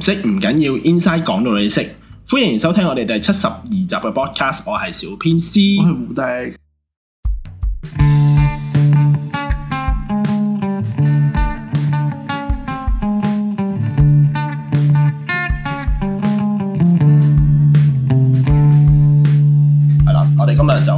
唔識唔緊要，Inscie 講到你識。歡迎收聽我哋第七十二集嘅 podcast，我係小編 C，我係胡迪。係啦，我哋今日就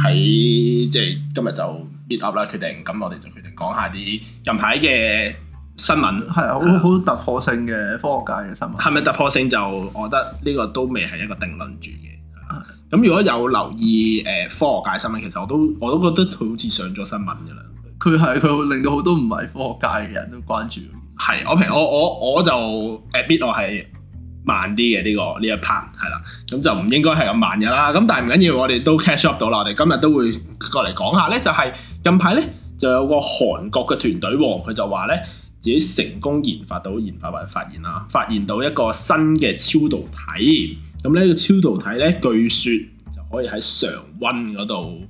喺即係今日就 meet up 啦，決定咁，我哋就決定講下啲近排嘅。新聞係啊，好好突破性嘅科學界嘅新聞。係咪突破性就？我覺得呢個都未係一個定論住嘅。咁、啊、如果有留意誒、呃、科學界新聞，其實我都我都覺得佢好似上咗新聞噶啦。佢係佢會令到好多唔係科學界嘅人都關注。係，我平我我我就 admit 我係慢啲嘅呢個呢一 part 係啦。咁就唔應該係咁慢嘅啦。咁但係唔緊要，我哋都 catch up 到啦。我哋今日都會過嚟講下咧，就係、是、近排咧就有個韓國嘅團隊喎，佢就話咧。自己成功研發到研發或者發現啦，發現到一個新嘅超導體。咁呢個超導體咧，據說就可以喺常温嗰度，誒、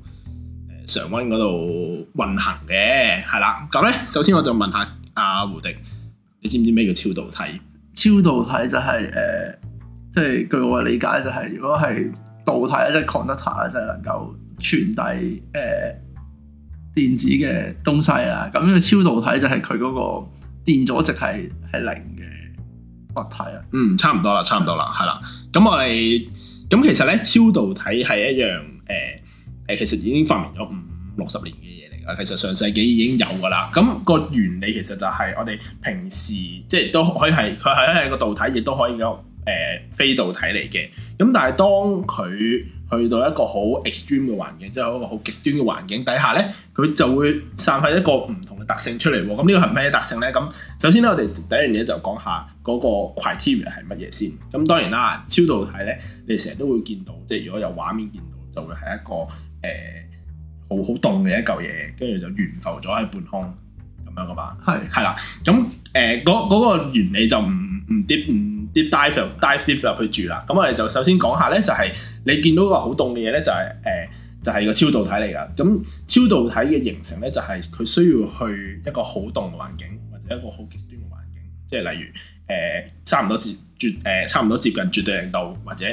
呃、常温嗰度運行嘅，係啦。咁咧，首先我就問，問下阿、啊、胡迪，你知唔知咩叫超導體？超導體就係、是、誒、呃，即係據我嘅理解就係、是，如果係導體咧，即、就、係、是、conductor 咧，即係能夠傳遞誒、呃、電子嘅東西啦。咁、那、呢個超導體就係佢嗰個。電阻值係係零嘅物體啊，嗯，差唔多啦，差唔多啦，係啦， 咁我哋咁其實咧，超導體係一樣誒誒，其實已經發明咗五六十年嘅嘢嚟㗎，其實上世紀已經有㗎啦，咁個原理其實就係我哋平時即係都可以係佢係一個導體，亦都可以有。誒非導體嚟嘅，咁但係當佢去到一個好 extreme 嘅環境，即係一個好極端嘅環境底下咧，佢就會散發一個唔同嘅特性出嚟喎。咁呢個係咩特性咧？咁首先咧，我哋第一樣嘢就講下嗰個 criteria 係乜嘢先。咁當然啦，超導體咧，你成日都會見到，即係如果有畫面見到，就會係一個誒好好凍嘅一嚿嘢，跟住就懸浮咗喺半空咁樣噶嘛。係係啦，咁誒嗰個原理就唔唔啲唔。dive deep 入去住啦，咁我哋就首先講下咧、就係呃，就係你見到個好凍嘅嘢咧，就係誒，就係個超導體嚟噶。咁、嗯、超導體嘅形成咧，就係佢需要去一個好凍嘅環境，或者一個好極端嘅環境，即係例如誒、呃，差唔多接絕誒、呃，差唔多接近絕對零度，或者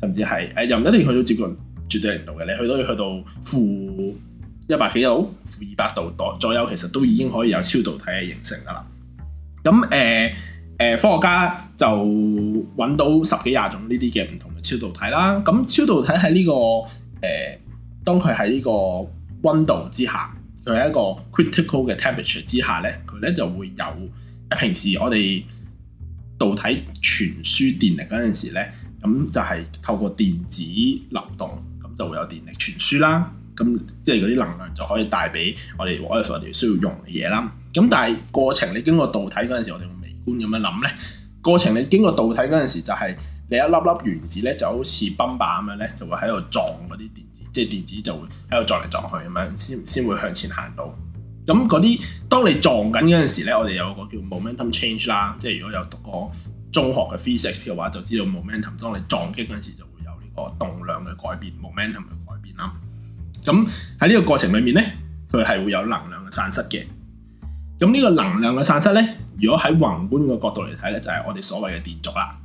甚至係誒、呃，又唔一定去到接近絕對零度嘅，你去到去到負一百幾度、負二百度度左右，左右其實都已經可以有超導體嘅形成噶啦。咁、嗯、誒。呃誒科學家就揾到十幾廿種呢啲嘅唔同嘅超導體啦。咁超導體喺呢、這個誒、呃，當佢喺呢個温度之下，佢係一個 critical 嘅 temperature 之下咧，佢咧就會有平時我哋導體傳輸電力嗰陣時咧，咁就係透過電子流動，咁就會有電力傳輸啦。咁即係嗰啲能量就可以帶俾我哋我哋需要用嘅嘢啦。咁但係過程你經過導體嗰陣時，我哋會。咁樣諗咧，過程你經過導體嗰陣時，就係你一粒粒原子咧，就好似泵板咁樣咧，就會喺度撞嗰啲電子，即係電子就會喺度撞嚟撞去咁樣，先先會向前行到。咁嗰啲當你撞緊嗰陣時咧，我哋有個叫 momentum change 啦，即係如果有讀過中學嘅 physics 嘅話，就知道 momentum 當你撞擊嗰陣時就會有呢個動量嘅改變，momentum 嘅改變啦。咁喺呢個過程裡面咧，佢係會有能量嘅散失嘅。咁呢個能量嘅散失咧，如果喺宏觀嘅角度嚟睇咧，就係我哋所謂嘅電阻啦，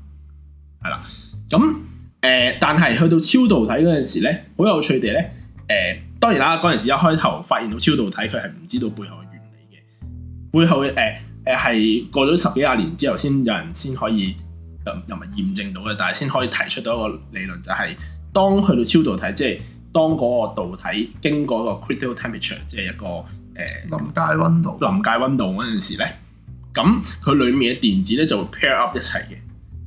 係啦。咁誒、呃，但係去到超導體嗰陣時咧，好有趣地咧，誒、呃、當然啦，嗰陣時一開頭發現到超導體，佢係唔知道背後嘅原理嘅，背後嘅誒誒係過咗十幾廿年之後，先有人先可以咁又唔係驗證到嘅，但係先可以提出到一個理論，就係當去到超導體即係。當嗰個導體經過個 critical temperature，即係一個誒、呃、臨界温度，臨界温度嗰陣時咧，咁佢裡面嘅電子咧就會 pair up 一齊嘅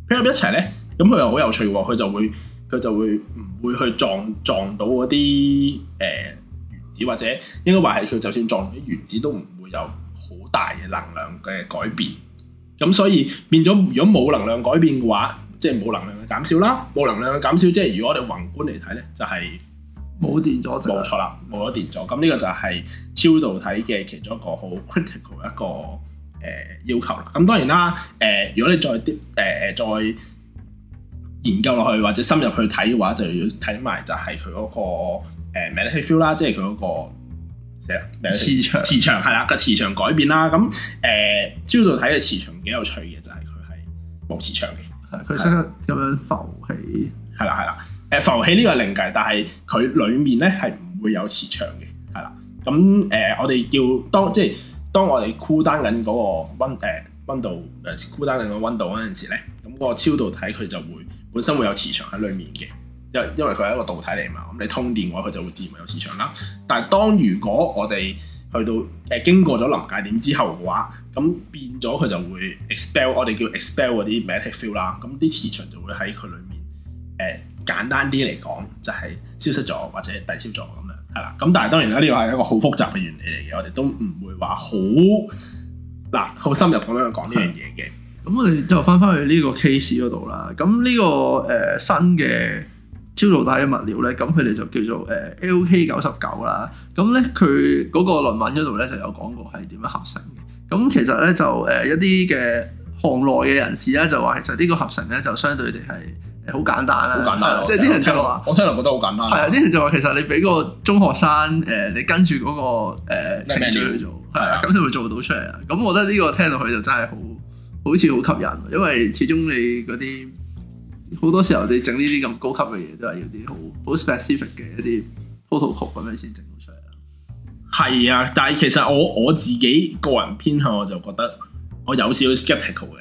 ，pair up 一齊咧，咁佢又好有趣喎，佢就會佢就會唔會去撞撞到嗰啲誒原子，或者應該話係佢就算撞到原子都唔會有好大嘅能量嘅改變。咁所以變咗，如果冇能量改變嘅話，即係冇能量嘅減少啦，冇能量嘅減少，即係如果我哋宏觀嚟睇咧，就係、是。冇電阻，冇錯啦，冇咗電阻。咁呢個就係超導體嘅其中一個好 critical 一個誒、呃、要求。咁當然啦，誒、呃、如果你再啲誒、呃、再研究落去或者深入去睇嘅話，就要睇埋就係佢嗰個誒 magnetic field 啦，呃、feel，即係佢嗰個磁磁場。磁場係啦，個磁，磁場改變啦。咁誒、呃、超導體嘅磁場幾有趣嘅，就係佢係冇磁場嘅，佢識得咁樣浮起。係啦，係啦。誒、呃、浮起呢個係臨界，但係佢裏面咧係唔會有磁場嘅，係啦。咁、嗯、誒、呃，我哋叫當，即係當我哋 cool down 緊個溫誒、呃、溫度誒 cool down 緊個溫度陣時咧，咁、那個超導體佢就會本身會有磁場喺裏面嘅，因因為佢係一個導體嚟嘛。咁、嗯、你通電嘅話，佢就會自然會有磁場啦。但係當如果我哋去到誒、呃、經過咗臨界點之後嘅話，咁變咗佢就會 expel 我哋叫 expel 嗰啲 magnetic field 啦。咁啲磁場就會喺佢裏面。誒簡單啲嚟講，就係、是、消失咗或者抵消咗咁樣，係啦。咁但係當然啦，呢個係一個好複雜嘅原理嚟嘅，我哋都唔會話好嗱好深入咁樣講呢樣嘢嘅。咁我哋就翻翻去呢個 case 嗰、這個呃、度啦。咁呢個誒新嘅超導體嘅物料咧，咁佢哋就叫做誒、呃、LK 九十九啦。咁咧佢嗰個論文嗰度咧就有講過係點樣合成嘅。咁其實咧就誒一啲嘅行內嘅人士咧就話，其實呢、呃、其實呢個合成咧就相對地係。好簡單啦、啊，即係啲人聽落話，對我聽落覺得好簡單。係啊，啲人就話其實你俾個中學生誒、呃，你跟住嗰、那個誒、呃、程序去做，係單啊，咁就、啊、會做到出嚟啊。咁、啊、我覺得呢個聽落去就真係好好似好吸引，因為始終你嗰啲好多時候你整呢啲咁高級嘅嘢，都係要啲好好 specific 嘅一啲 protocol 咁樣先整到出嚟啊。係啊，但係其實我我自己個人偏向，我就覺得我有少少 skeptical 嘅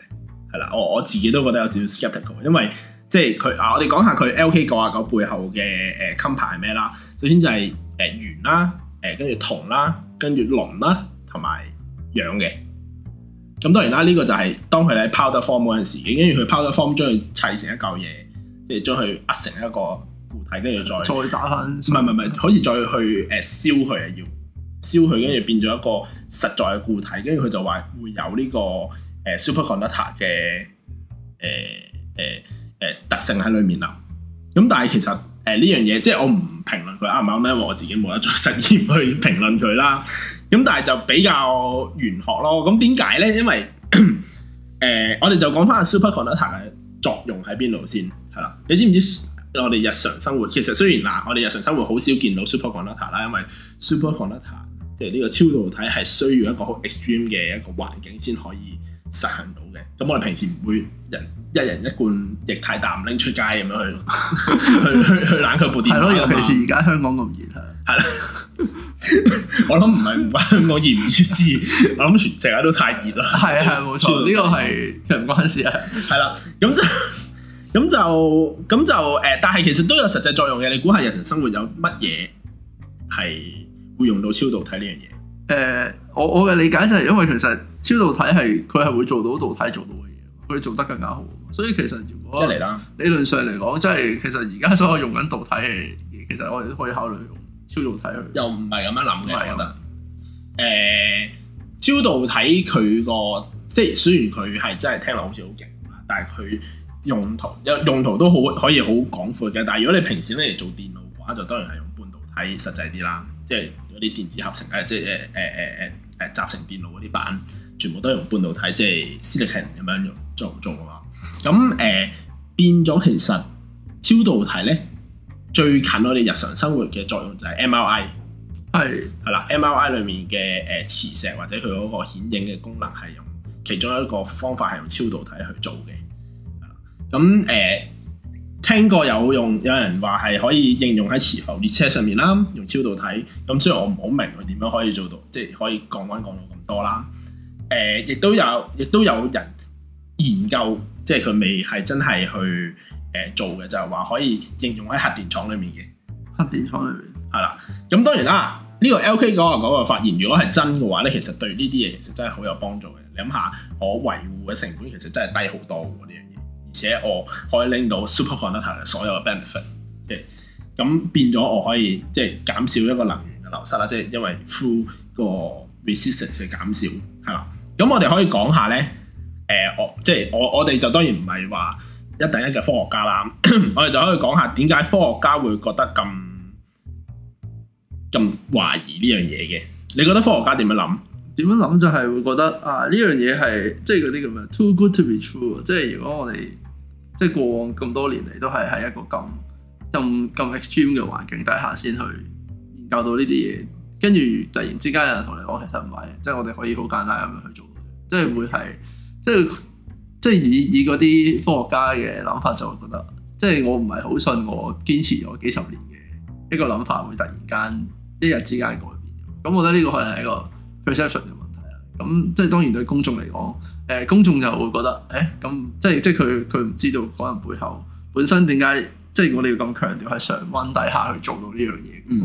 係啦。我、啊、我自己都覺得有少少 skeptical，因為。即係佢啊，我哋講下佢 LK 九啊九背後嘅誒 compound 係咩啦。呃、 首先就係誒鉛啦，誒跟住銅啦，跟住鋰啦，同埋氧嘅。咁當然啦，呢、這個就係當佢喺 powder form 嗰陣時，跟住佢 powder form 將佢砌成一嚿嘢，即係將佢壓成一個固體，跟住再再打翻。唔係唔係， 好似再去誒燒佢啊，呃、燒要燒佢，跟住變咗一個實在嘅固體。跟住佢就話會有呢、這個誒 superconductor 嘅誒誒。呃呃呃呃誒、呃、特性喺裏面啦，咁但係其實誒呢樣嘢，即係我唔評論佢啱唔啱，因為我自己冇得做實驗去評論佢啦。咁但係就比較玄學咯。咁點解咧？因為誒，我哋就講翻 superconductor 嘅作用喺邊度先係啦。你知唔知我哋日常生活其實雖然嗱、呃，我哋日常生活好少見到 superconductor 啦，ta，因為 superconductor 即係呢個超導體係需要一個好 extreme 嘅一個環境先可以。實行到嘅，咁我哋平時唔會人一人一罐液態氮拎出街咁樣去去 去去，去冷卻部電。係咯的，尤其是而家香港咁熱。係啦的、 嗯，我諗唔係唔關香港熱唔熱事， 我諗全世界都太熱啦。係啊係啊，冇錯、嗯，呢個係唔關事啊。係啦，咁就咁就咁就誒，但係其實都有實際作用嘅。你估下日常生活有乜嘢係會用到超導體呢樣嘢？誒，我我嘅理解就係因為其實。超導體係佢係會做到導體做到嘅嘢，佢做得更加好。所以其實如果理論上嚟講，即係其實而家所有用緊導體嘅嘢，其實我哋都可以考慮用超導體。又唔係咁樣諗嘅，我覺得。誒、嗯，嗯、超導體佢、個即係雖然佢係真係聽落好似好勁，但係佢用途有用途都好可以好廣闊嘅。但係如果你平時咧嚟做電腦嘅話，就當然係用半導體實際啲啦。即係有啲電子合成誒，即係誒誒誒誒。欸欸欸誒集成電路嗰啲板，全部都係用半導體，即係 Silicon 咁樣做做啊嘛。咁誒、呃、變咗，其實超導體咧最近我哋日常生活嘅作用就係 MRI 係係啦。是，MRI 裏面嘅誒磁石或者佢嗰個顯影嘅功能係用其中一個方法係用超導體去做嘅。咁誒。呃聽過有用，有人話係可以應用喺磁浮列車上面啦，用超導體。咁雖然我唔好明佢點樣可以做到，即係可以降溫降到咁多啦。誒、呃，亦都有，亦都有人研究，即係佢未係真係去誒、呃、做嘅，就係、是、話可以應用喺核電廠裡面嘅。核電廠裡面係啦。咁當然啦，呢、這個 LK 嗰個發現，如果係真嘅話咧，其實對呢啲嘢其實真係好有幫助嘅。你諗下，我維護嘅成本其實真係低好多嘅啲嘢。而且我可以拎到 super conductor 嘅所有 benefit，即、okay? 係咁變咗我可以即係減少一個能源嘅流失啦，即、就、係、是、因為 full 個 resistance 嘅減少，係啦。咁我哋可以講下咧，誒、呃、我即係、就是、我我哋就當然唔係話一等一嘅科學家啦， 我哋就可以講下點解科學家會覺得咁咁懷疑呢樣嘢嘅？你覺得科學家點樣諗？點樣諗就係、是、會覺得啊呢、就是、樣嘢係即係嗰啲咁樣 too good to be true，即係如果我哋即係過往咁多年嚟都係喺一個咁咁咁 extreme 嘅環境底下先去研究到呢啲嘢，跟住突然之間有人同你講其實唔係，即係我哋可以好簡單咁樣去做，即係會係即係即係以以嗰啲科學家嘅諗法就會覺得，即係我唔係好信我堅持咗幾十年嘅一個諗法會突然間一日之間改變。咁我覺得呢個可能係一個嘅問題啊，咁即係當然對公眾嚟講，誒、呃、公眾就會覺得，誒、欸、咁即係即係佢佢唔知道可能背後本身點解，即係我哋要咁強調喺常溫底下去做到呢樣嘢，嗯，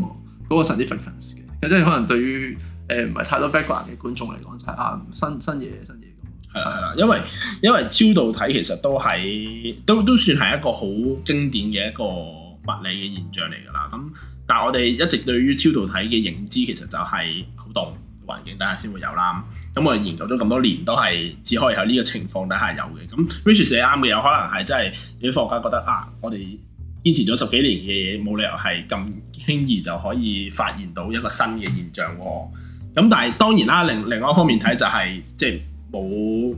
嗰個 significance 嘅，即係可能對於誒唔係太多 background 嘅觀眾嚟講就係、是啊、新新嘢新嘢嚟係啦係啦，因為因為超導體其實都係都都算係一個好經典嘅一個物理嘅現象嚟㗎啦，咁但係我哋一直對於超導體嘅認知其實就係好凍環境底下先會有啦，咁我哋研究咗咁多年都係只可以喺呢個情況底下有嘅。咁 Richie 你啱嘅，有可能係真係啲科學家覺得啊，我哋堅持咗十幾年嘅嘢，冇理由係咁輕易就可以發現到一個新嘅現象喎、哦。咁但係當然啦，另另外一方面睇就係、是、即係冇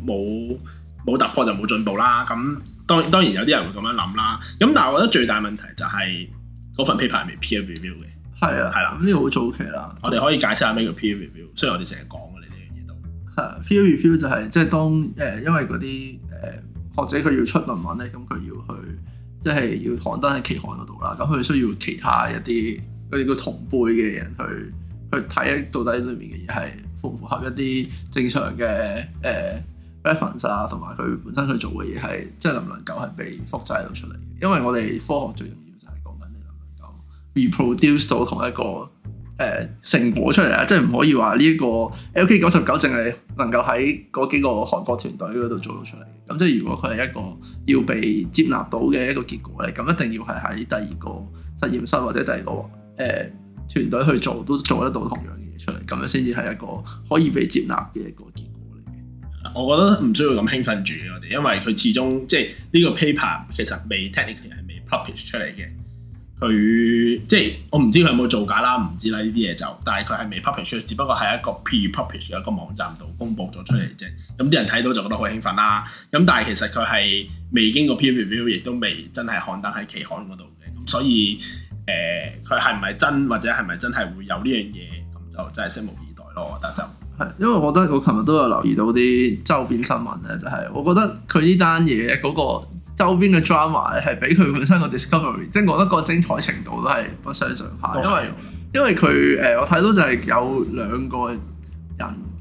冇冇突破就冇進步啦。咁當然當然有啲人會咁樣諗啦。咁但係我覺得最大問題就係嗰份 paper 未 peer review 嘅。係啊，係啦，咁呢個好早期啦。我哋可以解釋下咩叫 peer review 雖然我哋成日講嘅你呢樣嘢都。係 peer review 就係、是、即係當誒，因為嗰啲誒學者佢要出論文文咧，咁佢要去即係要刊登喺期刊嗰度啦。咁佢需要其他一啲佢哋啲叫同輩嘅人去去睇到底裡面嘅嘢係符唔符合一啲正常嘅誒、呃、reference 啊，同埋佢本身佢做嘅嘢係即係能唔能夠係被複製到出嚟。因為我哋科學最重要～reproduce 到同一個誒、呃、成果出嚟啊！即係唔可以話呢一個 LK 九十九淨係能夠喺嗰幾個韓國團隊嗰度做到出嚟。咁即係如果佢係一個要被接納到嘅一個結果咧，咁一定要係喺第二個實驗室或者第二個誒團隊去做，都做得到同樣嘅嘢出嚟。咁樣先至係一個可以被接納嘅一個結果嚟嘅。我覺得唔需要咁興奮住我哋，因為佢始終即係呢個 paper 其實未 technically 係未 publish 出嚟嘅。佢即係我唔知佢有冇造假啦，唔知啦呢啲嘢就，但係佢係未 publish 只不過係一個 pre-publish 嘅一個網站度公布咗出嚟啫。咁啲人睇到就覺得好興奮啦。咁但係其實佢係未經過 peer review，亦都未真係刊登喺期刊嗰度嘅。咁所以誒，佢係唔係真或者係咪真係會有呢樣嘢？咁就真係拭目以待咯。我覺得就係因為我覺得我琴日都有留意到啲周邊新聞咧，就係、是、我覺得佢呢單嘢嗰個。周邊嘅 drama 咧，係俾佢本身個 discovery， 即係我覺得個精彩程度都係不相上下。 因為因為佢誒，我睇到就係有兩個人，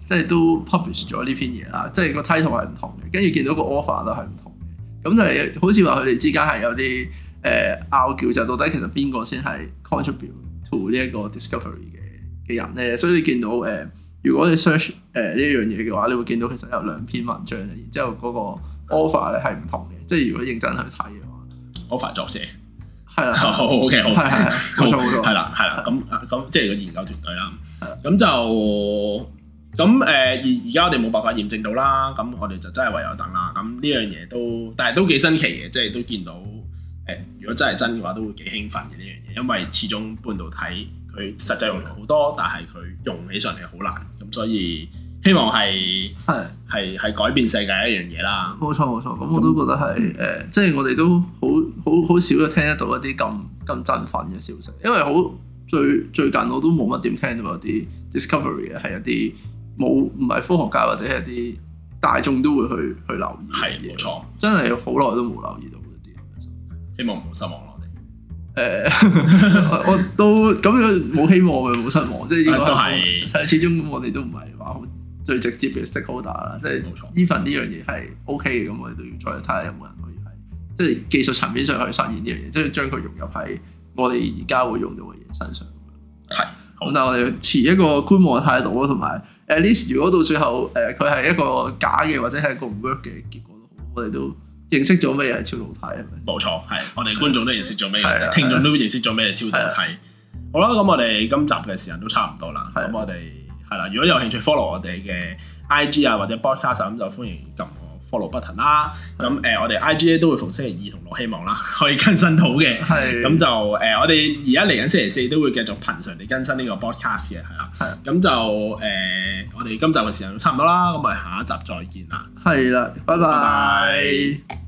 即係都 publish 咗呢篇嘢啦，即係個 title 係唔同嘅，跟住見到個 offer 都係唔同嘅，咁就係好似話佢哋之間係有啲誒拗撬，呃、就到底其實邊個先係 contribute to 呢一個 discovery 嘅嘅人咧？所以你見到誒、呃，如果你 search 誒、呃、呢樣嘢嘅話，你會見到其實有兩篇文章嘅，然之後嗰、嗰個。offer 咧係唔同嘅，即係如果認真去睇嘅話，offer 作寫係啦，OK 好，係係冇錯好，冇錯，係啦係啦，咁咁即係個研究團隊啦，咁就咁誒而而家我哋冇辦法驗證到啦，咁我哋就真係唯有等啦，咁呢樣嘢都，但係都幾新奇嘅，即係都見到誒，如果真係真嘅話，都會幾興奮嘅呢樣嘢，因為始終半導體佢實際用途好多，但係佢用起上嚟好難，咁所以。所以希望係係係係改變世界一樣嘢啦，冇錯冇錯，咁我都覺得係誒、嗯呃，即係我哋都好好好少聽得到一啲咁咁振奮嘅消息，因為好最最近我都冇乜點聽到一啲 discovery 嘅，係一啲冇唔係科學界或者係啲大眾都會去去留意，係冇錯，錯真係好耐都冇留意到一啲，希望唔好失望我哋，誒、呃， 我都咁樣冇希望嘅冇失望，即係應該係，始終我哋都唔係話最直接嘅 stakeholder 啦，即係依份呢樣嘢係 OK 嘅，咁我哋都要再睇下有冇人可以係即係技術層面上去以實現呢樣嘢，即係將佢融入喺我哋而家會用到嘅嘢身上。係，好，但我哋持一個觀望態度咯，同埋 at least 如果到最後誒佢係一個假嘅或者係一個唔 work 嘅結果都好，我哋都認識咗咩係超導體啊。冇錯，係我哋觀眾都認識咗咩嘅，聽眾都認識咗咩超導體。好啦，咁我哋今集嘅時間都差唔多啦，咁我哋。係啦，如果有興趣 follow 我哋嘅 IG 啊或者 broadcast 咁就歡迎撳我 follow button 啦。咁誒的、呃，我哋 IG 咧都會逢星期二同羅希望啦，可以更新到嘅。咁的就誒、呃，我哋而家嚟緊星期四都會繼續平常地更新呢個 broadcast 嘅，係啊。咁的就誒、呃，我哋今集嘅時間差唔多啦，咁我哋下一集再見啦。係啦，拜拜。Bye bye